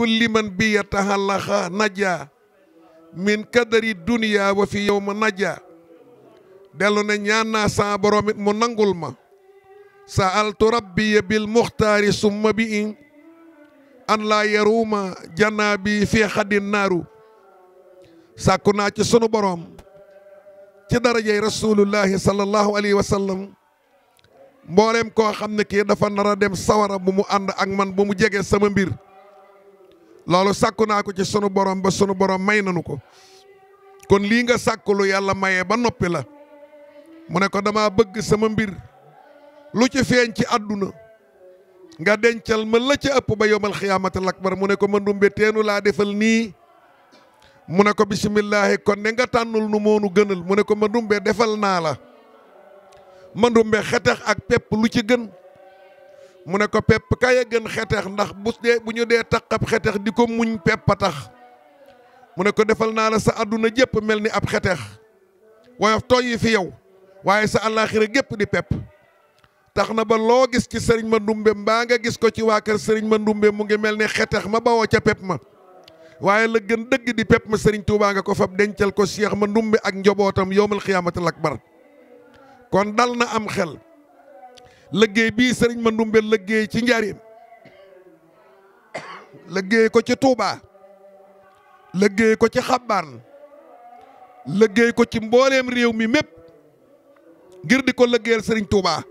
kulli man bi yatahallaqa najaa min kadari duniya wa fi yow ma najaa dellu ne ñaan naa saa borom mu nangul ma sa'altu rabbiya bil muxtaari summa bi in an laa yaruuma janaabi fi xadin naaru sàkku naa ci sunu borom ci darajey rasulullahi sallallahu alayhi wa sallam koo xam ne kii dafa nar a dem sawara bu mu ànd ak man bu mu jege sama mbir loolu sàkku naa ko ci sunu borom ba sunu borom may nanu ko kon lii nga sàkku lu yàlla mayee ba noppi la mu ne ko damaa bëgg sama mbir lu ci feeñ ci àdduna nga dencal ma la ca ëpp ba yomal xiyaamatal akbar mu ne ko mëndumbe teenu laa defal nii mu ne ko bisimillahi kon ne nga tànnul nu moonu gënal mu ne ko ma mëndumbe defal naa la mëndumbe xetax ak pepp lu ci gën mu ne ko pepp kay a gën xeteex ndax bu dee bu ñu dee taq ab xeteex di ko muñ pepp a tax mu ne ko defal naa la sa àdduna jëpp mel ni ab xetex woyof tooy yi fi yow waaye sa àllaaxira gépp di pepp tax na ba loo gis ci sëriñ ma ndumbe mbaa nga gis ko ci waa kër sëriñ ma ndumbe mu ngi mel ni xeteex ma bawoo ca pepp ma waaye la gën dëgg di pepp ma sëriñ Tuubaa nga ko fab dencal ko Cheikh ma ndumbe ak njobootam yowmal xiyaamatil akbar kon dal na am xel liggéey bii sëriñ ma Mandoumbe liggéey ci njaareem liggéey ko ci Touba liggéey ko ci Xabaan liggéey ko ci mbooleem réew mi mépp ngir di ko liggéeyal sëriñ Touba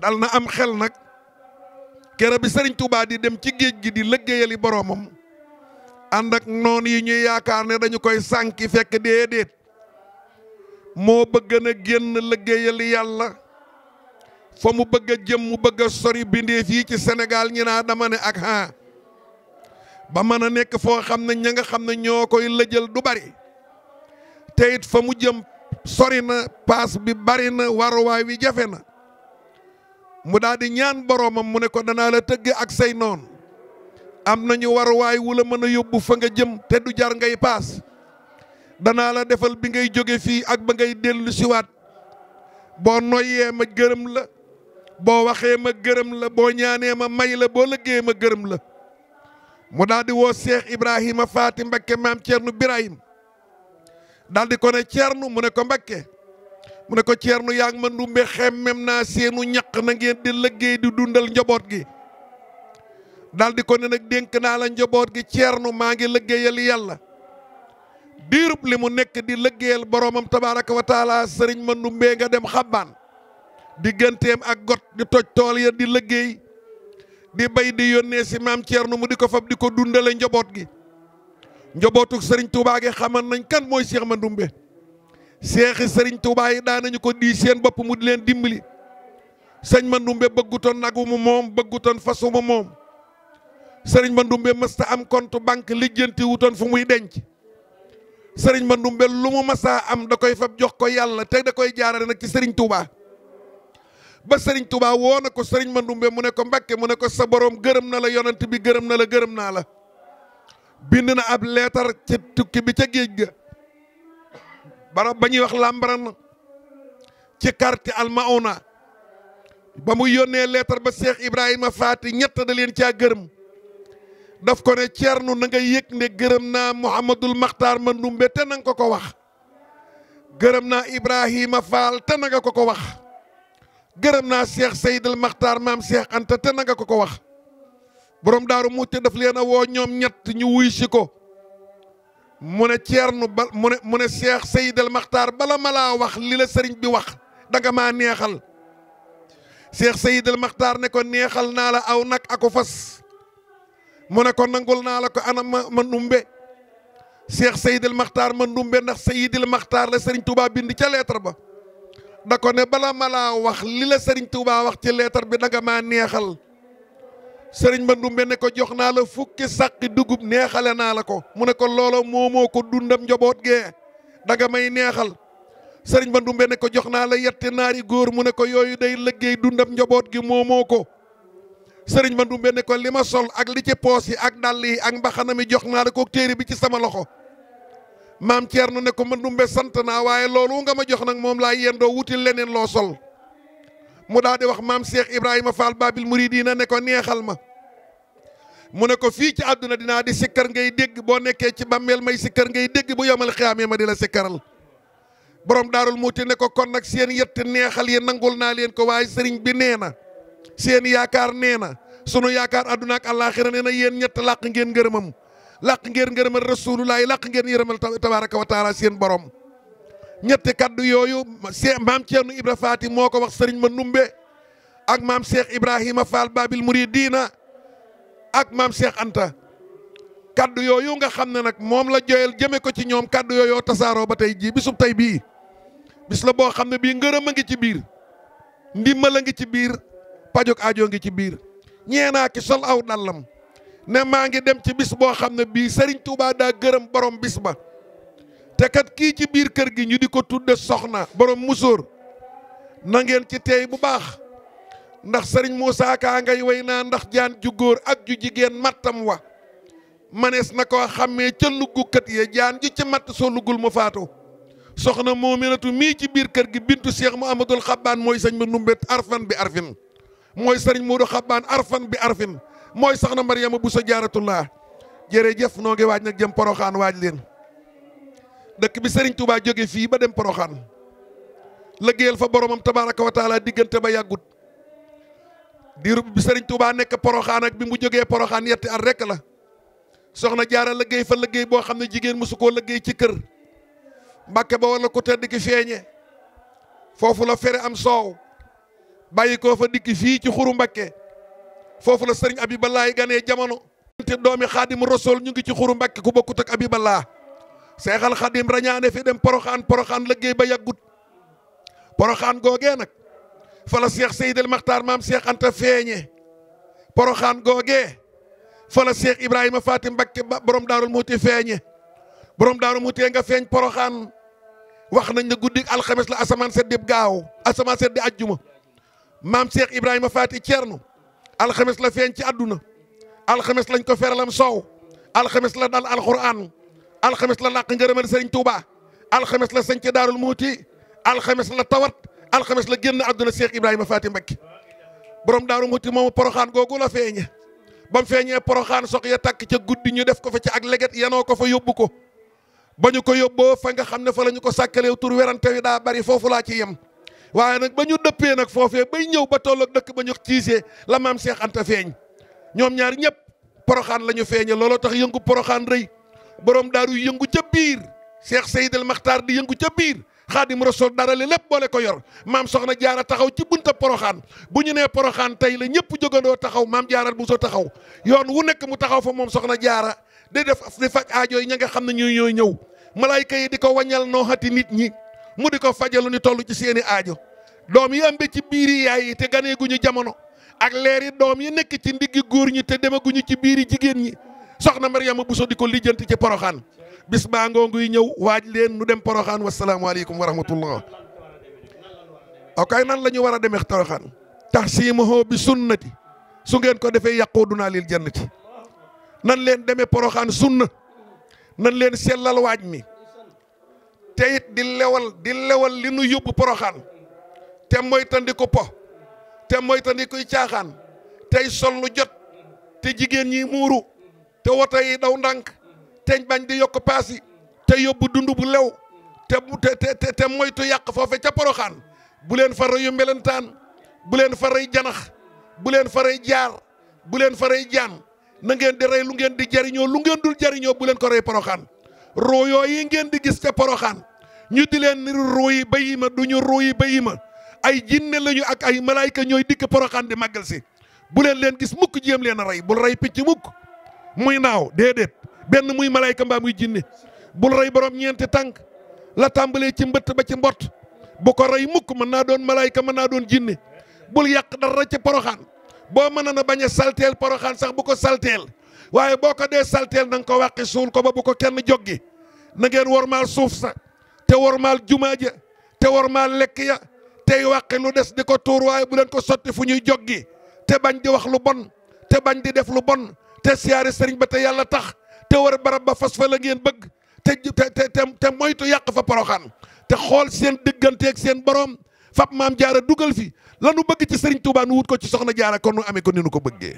dal na am xel nag kere bi sëriñ Touba di dem ci géej gi di liggéeyali boroomam ànd ak noon yi ñuy yaakaar ne dañu koy sànki fekk déedéet moo bëgg na génn liggéeyali yàlla fa mu bëgg jëm mu bëgg a sori bindeef yi ci Sénégal ñi naa dama ne ak haa ba mën a nekk foo xam ne ña nga xam ne ñoo koy lëjal du bari te fa mu jëm sori na paas bi bari na waruwaay wi jafe na mu daal di ñaan boroomam mu ne ko danaa la tëgg ak say noon am nañu waruwaay wu la mën a yóbbu fa nga jëm te du jar ngay paas danaa la defal bi ngay jóge fii ak ba ngay dellu siwaat boo noyyee ma gërëm la boo waxee ma gërëm la boo ñaanee ma may la boo lëggee ma gërëm la mu daal di woo Cheikh Ibrahima Faati Mbakke maam Thierno Birahim daal di ko ne Thierno mu ne ko Mbakke mu ne ko Thierno yaa ngi ma ndumbe xemmem naa seenu ñaq na ngeen di lëggéey di dundal njaboot gi daldi ko ne nag dénk naa la njaboot gi Thierno maa ngi lëggéeyal yàlla diirub li mu nekk di lëggéeyal boroomam tabaaraka wa taala sëriñ ma ndumbe nga dem xabbaan digganteem ak got di toj tool ya di liggéey di bay di yónnee si maam na mu di ko fab di ko dundale njaboot gi njabootuk sëriñ Touba gi xaman nañ kan mooy Cheikh Mandoumbe seexi Serigne Touba yi daan nañu ko di seen bopp mu di leen dimbali sëñ Mandoumbe bëggutoon nagu mu moom bëggutoon fasu mu moom Serigne Mandoumbe mësta am compte banque lijjanti wutoon fu muy denc Serigne Mandoumbe lu mu mësaa am da koy fab jox ko yàlla te da koy jaarale nag ci Serigne Touba. ba sëriñ Touba woo na ko Serigne Mandoumbe mu ne ko Mbacke mu ne ko sa borom gërëm na la yonent bi gërëm na la gërëm naa la. bind na ab leetar ca tukki bi ca géej ga ba ba ñuy wax Lambaréné ci quartier Almaona ba mu yónnee leetar ba seex Ibrahima Faati ñett da leen caa gërëm. daf ko ne Thierno na nga yëg ne gërëm naa Mouhamadul Makhtar Mandoumbe te na nga ko ko wax gërëm naa Ibrahima Fall te na nga ko ko wax. gërëm naa Cheikh Seydil Makhtar maam Cheikh Anta te nanga ko ko wax borom daaru Muxti daf leen a woo ñoom ñett ñu wuy si ko mu ne Ceerno ba mu ne mu ne Cheikh Seydil Makhtar bala ma wax li la sëriñ bi wax danga ma neexal Cheikh Seydil Makhtar ne ko neexal naa la aw nag ako fas mu ne ko nangul naa la ko ana ma ma ndumbe Cheikh Seydil Makhtar ma ndumbe ndax Seydil Makhtar la sëriñ Touba bind ca lettre ba da ko ne bala ma laa wax li la sëriñ tuubaa wax ci leetar bi danga maa neexal sëriñ ba ndumbe ne ko jox naa la fukki sàqi dugub neexale naa la ko mu ne ko loola moomoo ko dundam njaboot gee danga may neexal Serigne ba ndumbe ne ko jox naa la yetti naari góor mu ne ko yooyu day liggéey dundam njaboot gi moomoo ko Serigne ba ndumbe ne ko li ma sol ak li ci poos yi ak dàll yi ak mbaxana mi jox naa la ko téere bi ci sama loxo maam Thierno ne ko ma dumbe sant naa waaye loolu nga ma jox nag moom laa yendoo wutil leneen loo sol mu daal di wax maam seex Ibrahima Fall Babil Mouridina ne ko neexal ma mu ne ko fii ci àdduna dinaa di sikkar ngay dégg boo nekkee ci bàmmeel may sikkar ngay dégg bu yomal xiyaamee ma di la sikkaral borom daarul muuti ne ko kon nag seen yett neexal yi nangul naa leen ko waaye sëriñ bi nee na seen yaakaar nee na sunu yaakaar àdduna ak àllaaxira nee na yéen ñett làq ngeen ngërëmam làq ngeen ngërëmal rasulullahi làq ngeen yërëmal tabaraka wa taala seen borom ñetti kaddu yooyu maam Thierno Ibra Faati moo ko wax sëriñ ma numbe ak maam Cheikh Ibrahima Fall Babil Mouridina ak maam seex Anta kaddu yooyu nga xam ne nag moom la joyal jëme ko ci ñoom kaddu yooyu tasaaroo ba tey jii bisub tey bii bis la boo xam ne bii ngërëm a ngi ci biir ndimbal a ngi ci biir pajog aajo ngi ci biir ñeenaa ki sol aw dallam ne maa ngi dem ci bis boo xam ne bii Serigne Touba daa gërëm borom bis ba te kat kii ci biir kër gi ñu di ko tudde soxna borom musóor na ngeen ci teey bu baax ndax Serigne Moussa Ka ngay way naa ndax jaan ju góor ak ju jigéen mattam wa manees na koo xàmmee ca luggukat ya jaan ji ci matt soo luggul mu faatu soxna moominatu mii ci biir kër gi bintu Cheikh Mouhamadoul Xabbaan mooy sëñ ma numbet arfan bi arfin mooy sëriñ Moodu Xabbaan arfan bi arfin mooy soxna Mariama bu sa jaaratu jaaratullah jërëjëf noo ngi waaj nag jëm poroxaan waaj leen dëkk bi sëriñ Touba jóge fii ba dem poroxaan lëggéeyal fa boromam tabaaraka wa taala diggante ba yàggut diiru bi Serigne Touba nekk poroxaan ak bi mu jógee poroxaan yetti at rek la soxna jaara lëggéey fa lëggéey boo xam ne jigéen mosu koo lëggéey ci kër mbakke ba wala ku tedd ki feeñe foofu la fere am soow bàyyi koo fa dikki fii ci xuru mbàkke foofu la sëriñ Abiballaahi ganee jamono. te doomi xaadim rasool ñu ngi ci xuru Mbàkke ku bokkut ak Abiballaa seexal xaadim rañaane fi dem poroxaan poroxaan liggéey ba yàggut poroxaan googee nag fa la seex Seydil Maxtaar maam seex Anta feeñe poroxaan googee Ibrahima Fatim Mbàkke ba borom daarul muuti feeñe borom daarul muuti nga feeñ poroxaan wax nañ ne guddi alxames la asamaan sedd di gaaw asamaan sedd ajjuma maam seex Ibrahima Fatim Cerno alxames la feeñ ci àdduna alxemes lañ ko feralam soow alxames la dal alxuraan alxames la làq ngërëmal sëriñ Touba alxames la sañ ci daarul muuti alxemes la tawat alxames la génn àdduna Cheikh Ibrahima Fatim Mbacké borom daaru muuti moomu poroxaan googu la feeñe ba mu feeñee poroxaan sox ya takk ca guddi ñu def ko fa ci ak leget yanoo ko fa yóbbu ko ba ñu ko yóbboo fa nga xam ne fa la ko sàkkaleew tur werante wi daa bari foofu laa ci yem waaye nag ba ñu dëppee nag foofee bay ñëw ba tolloog dëkk ba ñu ciisee la maam Cheikh Anta feeñ ñoom ñaar ñëpp poroxaan la ñu feeñe looloo tax yëngu poroxaan rëy borom daaru yëngu ca biir Cheikh Seydil Maxtaar di yëngu ca biir xaadim rasul dara li lépp boole ko yor maam soxna jaara taxaw ci bunta poroxaan bu ñu nee poroxaan tey la ñëpp jógandoo taxaw maam jaaral bu so taxaw yoon wu nekk mu taxaw fa moom soxna jaara di def di faj aajo yi ña nga xam ne ñuy ñooy ñëw malaayka yi di ko wañal noo xati ñi mu di ko fajalu ni toll ci seeni aajo doom yi ëmbe ci biiri yaay yi te ganee guñu jamono ak leeri doom yi nekk ci ndigg góor ñi te demaguñu ci biiri jigéen ñi soxna Mariama Bousso di ko lijjanti ci poroxaan bis baa ngoonguy ñëw waaj leen nu dem poroxaan wasalaamualeykum wa rahmatullah okay nan la ñu war a demee poroxaan tahsimuhu bi sunnati su ngeen ko defee yaquduna lil jannati nan leen demee poroxaan sunna nan leen sellal waaj mi te di lewal di lewal li nu yóbbu poroxaan te moytandiku po te moytandikuy caaxaan tey sol lu jot te jigéen ñi muuru te woto yi daw ndànk teñ bañ di yokk paas te yóbbu dund bu lew te te te te moytu yàq foofe ca poroxaan bu leen fa reyu mbelentaan bu leen fa rey janax bu leen fa rey jaar bu leen fa rey jaan na ngeen di rey lu ngeen di jariñoo lu ngeen dul jariñoo bu leen ko rey poroxaan roo yooyu ngeen di gis ca poroxaan ñu di leen niru ruuy bayi ma du ñu ruuy bayi ma ay jinne lañu ak ay malaayka ñooy dikk poroxaan di màggal si bu leen leen gis mukk jéem leen a rey bul rey picc mukk muy naaw déedéet benn muy malaayka mbaa muy jinne bul rey borom ñeenti tànk la tàmbalee ci mbëtt ba ci mbot bu ko rey mukk mën naa doon malaayka mën naa doon jinne bul yàq dara ci poroxaan boo mën na bañ a salteel poroxaan sax bu ko salteel waaye boo ko dee salteel na ko wàqi suul ko ba bu ko kenn joggi na ngeen wormaal suuf sax te wormaal jumaa ja te wormaal lekk ya tey wàqi lu des di ko tuur waaye bu leen ko sotti fu ñuy joggi te bañ di wax lu bon te bañ di def lu bon te siyaare sëriñ ba te yàlla tax te war barab ba fas fa la ngeen bëgg te te te te moytu yàq fa poroxaan te xool seen digganteeg seen borom fab maam jaara dugal fi lanu bëgg ci sëriñ Touba wut ko ci soxna jaara kon nu amee ko ni nu ko bëggee.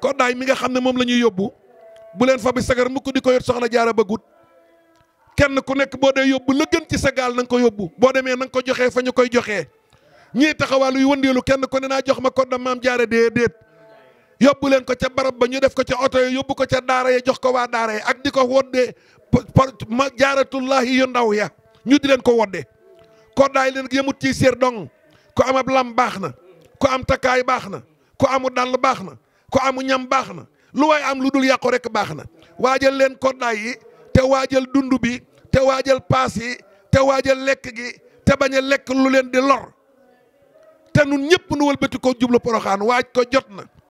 koddaay mi nga xam ne moom la ñuy yóbbu bu leen fa bi sagar mukk di ko yor soxna jaara bëggut kenn ku nekk boo de yóbbu la gën ci sa gaal na nga ko yóbbu boo demee na nga ko joxee fa ñu koy joxee ñii taxawaalu yu wëndeelu kenn ku ne naa jox ma kodda maam jaare déedéet yóbbu leen ko ca barab ba ñu def ko ca oto yi yóbbu ko ca daara ya jox ko waa daara ya ak di ko woddee ma jaaratullahi yu ndaw ya ñu di leen ko wodde koddaay leen yëmut ci séer dong ku am ab lam baax na ku am takaay baax na ku amu dàll baax na ku amu ñam baax na lu waaye am lu dul yàqu rek baax na waajal te waajal dund bi te waajal paas yi te waajal lekk gi te bañ a lekk lu leen di lor te nun ñëpp nu wëlbati ko jublu poroxaan waaj ko jot na